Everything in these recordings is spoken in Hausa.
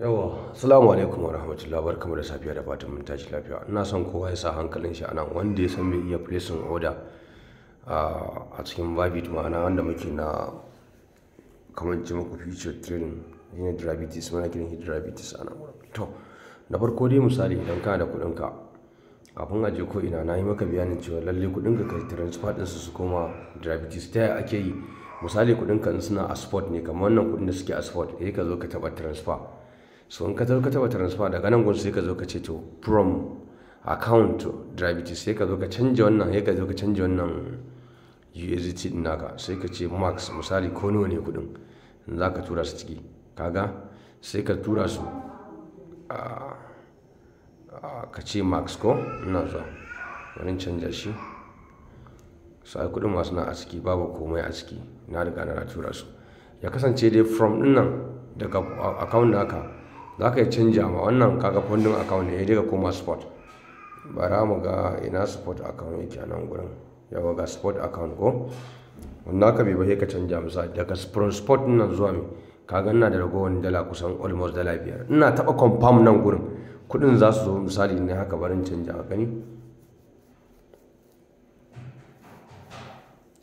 yawa salamu alaikum wa barkamu da safiya da fatan mun tashi lafiya ina son kowa ya sa hankalin shi anan wanda ya san mai iya placing order a cikin babit ma'ana wanda muke na kamar ji muku future trading yana diabetes mana kiran shi diabetes anan to na farko dai misali idan kana da kuɗin ka kafin a je ko ina na yi maka bayanin cewa lalle kuɗin ka kai transfer ɗinsu su koma diabetes ta yaya ake yi misali kuɗin ka suna a sport ne kamar wannan kuɗin da suke a sport eh ka zo ka taɓa transfer so in ka zo ka taba transfer daga nan gun sai ka zo ka ce to from account to derivative sai ka zo ka canja wannan sai ka zo ka canja wannan USDT din naka sai ka ce max misali ko nawa ne kudin in za ka tura su ciki kaga sai ka tura su ka ce max ko ina zuwa wani canja shi su ai kudin masu na a ciki babu komai a ciki na riga na tura su ya kasance dai from din nan daga account naka za ka yi canja ma wannan kaga fundin account ne ya daga koma sport bara mu ga ina sport account yake a nan gurin yawa ga sport account ko wannan ka bai ba ka canja masa daga sport nan zuwa mai kaga ina da ragowar dala kusan almost dala biyar ina taɓa confirm nan gurin kuɗin za su zo misali ne haka barin canja a gani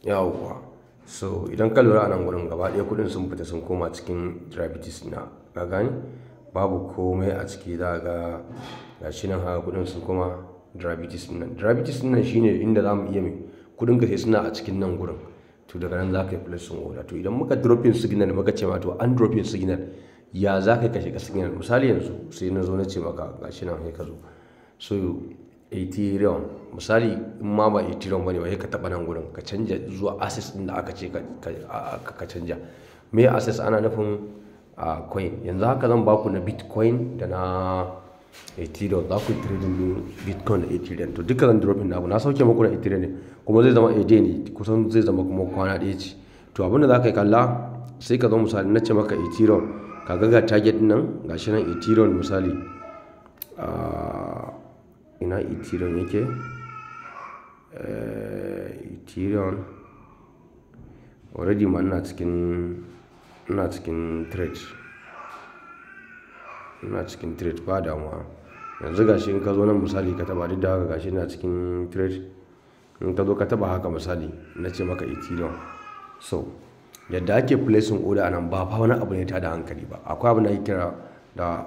yawwa so idan ka lura a nan gurin gaba ɗaya kuɗin sun fita sun koma cikin gravity na ka gani babu komai a ciki za ga gashi nan haka kudin su kuma diabetes nan diabetes din nan shine inda zamu iya mai kudin ka suna a cikin nan gurin to daga nan za ka yi placing order to idan muka dropping signal muka ce ma to an dropping signal ya za ka ka signal misali yanzu sai na zo na ce maka gashi nan sai ka zo so ethereum misali in ma ba ethereum bane ba sai ka taba nan gurin ka canja zuwa access din da aka ce ka canja me access ana nufin a coin yanzu haka zan baku na bitcoin da na ethereum za ku trading din bitcoin da ethereum to duka zan dropping naku na sauke muku na ethereum ne kuma zai zama a ne kusan zai zama kuma kwana ɗaya ce to abin da za ka yi kalla sai ka zo misali na ce maka ethereum ka ga ga target nan gashi nan ethereum misali ina ethereum yake eh, ethereum already ma ina cikin ina cikin trade ina cikin trade ba damuwa yanzu gashi in ka zo nan misali ka taba duk da haka gashi ina cikin trade in ka zo ka taba haka misali na ce maka ethereum so yadda ake placing order nan ba fa wani abu ne ta da hankali ba akwai abu na kira da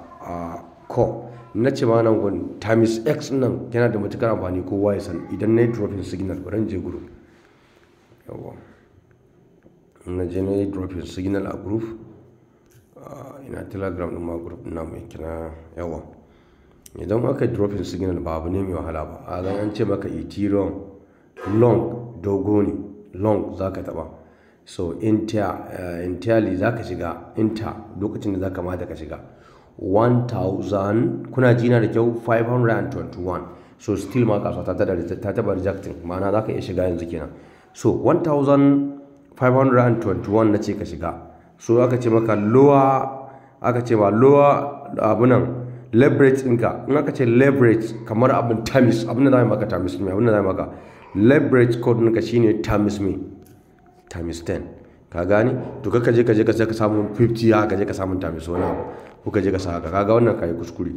ko na ce ma nan gun times x nan yana da matukar amfani kowa ya san idan na yi dropping signal bari je group yawwa na je na yi dropping signal a group ah, ina telegram din ma group din mai kina yawa idan aka yi dropping signal ba abu ne mai wahala ba a zan an ce maka ethereum long dogo ne long za ka taɓa so entirely eh, za ka shiga inter lokacin da za ka mata ka shiga 1000 kuna jina da kyau 521 so still ma kasuwa ta taba rejecting ma'ana za ka iya shiga yanzu kenan so 1000 521 na ce ka shiga so aka ce maka lowa aka ce ba lowa abunan leverage ɗinka in aka ce leverage kamar abin tamis abin da za maka tamis me abin da za maka leverage code ɗinka shine tamis me tamis 10 ka gane to kaka je ka je ka sai ka samu 50 haka je ka samu tamis wani abu ko ka je ka sa haka kaga wannan kai kuskure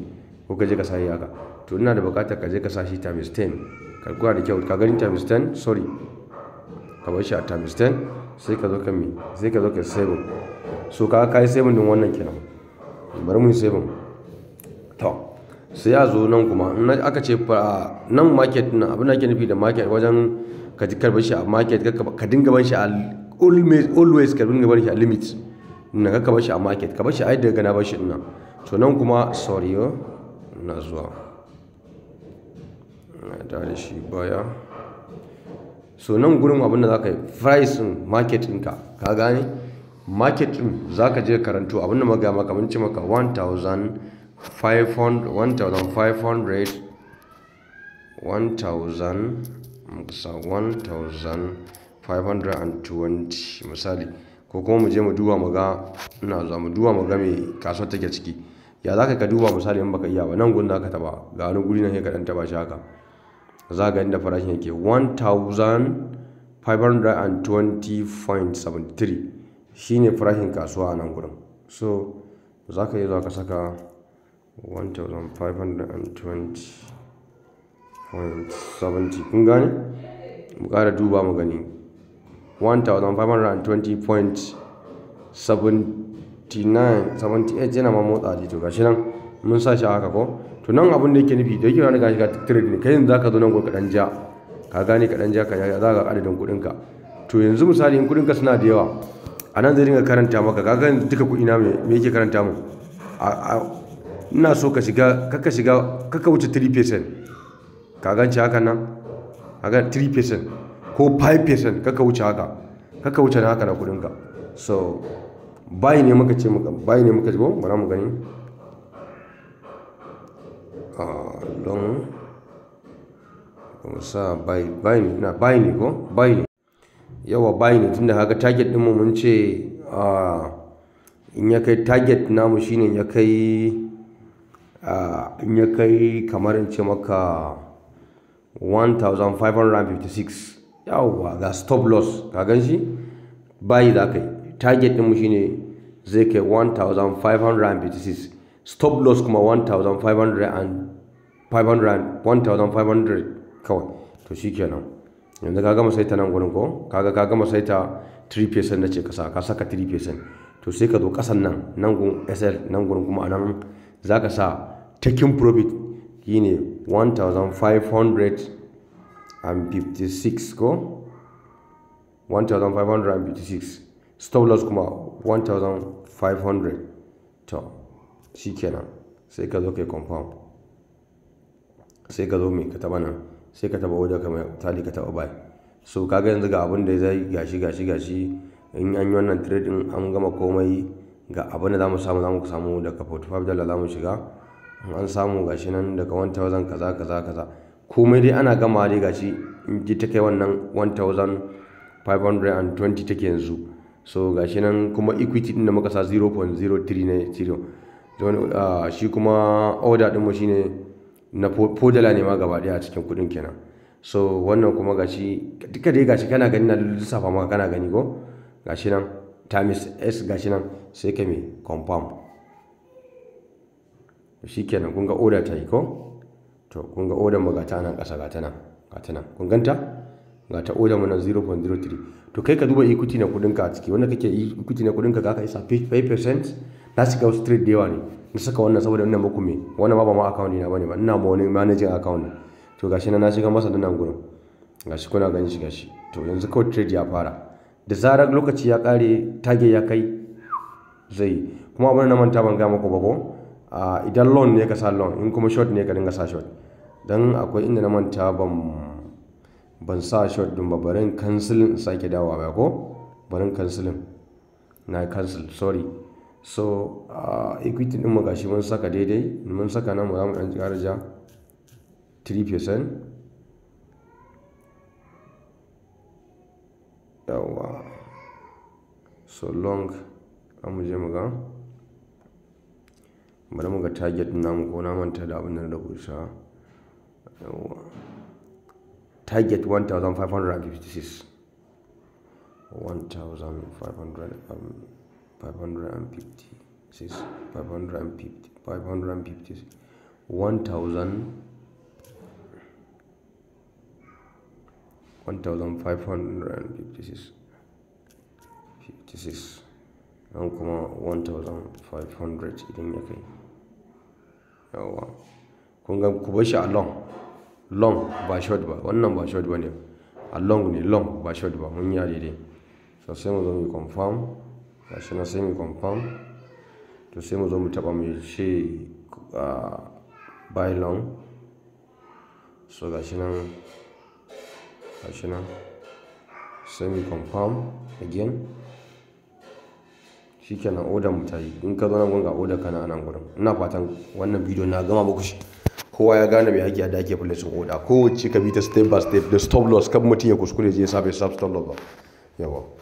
ko ka je ka sa yi haka to ina da bukatar ka je ka sa shi tamis 10 kalkula da kyau ka gani tamis 10 sorry ka bar shi a tamis 10 sai ka zo ka mi sai ka zo ka seven so ka kai seven din wannan kenan bari mu seven to sai a zo nan kuma in aka ce nan market din abin da ake nufi da market wajen ka ji karbar shi a market ka dinga ban shi a always always ka dinga ban shi a limit na ka bar shi a market ka bar shi a yadda gana bar shi din to nan kuma sorry na zuwa na da shi baya so nan gurin abin da za ka yi price ɗin market ɗinka ka gane market ɗin za ka je karantu abin da maga maka mun ce maka 1500 1520 misali ko kuma mu je mu duba mu ga ina za mu duba mu ga me kasuwar take ciki ya za ka duba misali in baka iya ba nan gudun da ka taba ga wani guri nan ya ka dan taba shi haka za ga inda farashin yake 1520.73 shine farashin kasuwa a nan gurin so za ka yi za ka saka 1520.70 kun gane mu duba mu gani 1520.79 78 yana ma motsa to gashi nan mun sa shi haka ko to nan abin da yake nufi da yake wani gashi ga trade ne kai yanzu zaka zo nan gurin kadan ja ka gane kadan ja ka za ka adadin kuɗin ka to yanzu misali in kuɗin ka suna da yawa a nan zai dinga karanta maka ka gane duka kuɗi na me yake karanta mu ina so ka shiga kaka shiga kaka wuce 3% ka ganci haka nan ga 3% ko 5% kaka wuce haka kaka wuce na haka na kuɗin ka so bayi ne muka ce muka bayi ne muka ce ba mu gani don sa buy ne na ko yawa buy ne tunda haka target ɗinmu mun ce in ya kai target namu shine ya kai in ya kai kamar in ce maka 1556 yawa ga stop loss ka gan shi bayi za ka yi target ɗinmu shine zai kai 1556 stop loss kuma 1500 and 500 1500 kawai to shikenan yanzu ka gama saita nan gurin ko kaga ka gama saita 3% na ce kasa ka saka 3% to sai ka zo kasan nan nan gun SL nan gurin kuma anan zaka sa taking profit shine 1556 ko 1556 stop loss kuma 1500 to kenan sai ka zo yi compound sai ka zo mai ka taba nan sai ka taba order kamar tali ka taba buy so kaga yanzu ga abin da zai gashi gashi gashi in an yi wannan trade din an gama komai ga abin da zamu samu zamu samu daga 45 dollar zamu shiga an samu gashi nan daga 1000 kaza kaza kaza komai dai ana gama dai gashi in ji ta kai wannan 1520 take yanzu so gashi nan kuma equity din da muka sa 0.03 ne 0 da wani shi kuma order ɗinmu shine na fodala ne ma gaba ɗaya a cikin kuɗin kenan so wannan kuma gashi duka dai gashi kana gani na lissafa maka kana gani ko gashi nan times s gashi nan sai ka me confirm shi kenan kun ga order ta yi ko to kun ga order mu ga ta nan kasa ga ta nan ga ta nan kun ganta ga ta oda mana 0.03 to kai ka duba equity na ka a ciki wanda kake equity na kudin ka kai isa 5% na shiga wasu trade da yawa ne na saka wannan saboda wannan muku me wannan ba ba ma account na bane ba ina ma wani managing account to gashi na na shiga masa da nan gurin gashi kuna ganin shi gashi to yanzu kawai trade ya fara da zarar lokaci ya kare tage ya kai zai kuma abin na manta ban ga muku ba ko idan loan ne ka sa loan in kuma short ne ka dinga sa short dan akwai inda na manta ban ban sa short din ba barin kansilin sake dawa ba ko barin kansilin na kansil sorry so uh, equity din mu gashi mun saka daidai mun saka nan mu za mu dan ja 3% yawa so long mu je mu ga bari mu ga target namu ko na manta da abin da na yawa target 1556 1556 550 550 1000 1556 56 1500 idan ya kai yawa kun ga ku along. long ba short ba wannan ba short ba ne a long ne long ba short ba mun yi a daidai so sai mu zo mu confirm ba shi na sai mu confirm to sai mu zo mu taba mu ce ah, by long so ga shi nan ga shi nan sai mu confirm again kenan order mu ta yi in ka zo nan gunga order kana nan gurin ina fatan wannan bidiyo na gama muku shi kowa ya gane mai haƙi a ake placing order kowace ka bi ta step by step da stop loss kan mutum ya kuskure je ya sa stop loss ba yawa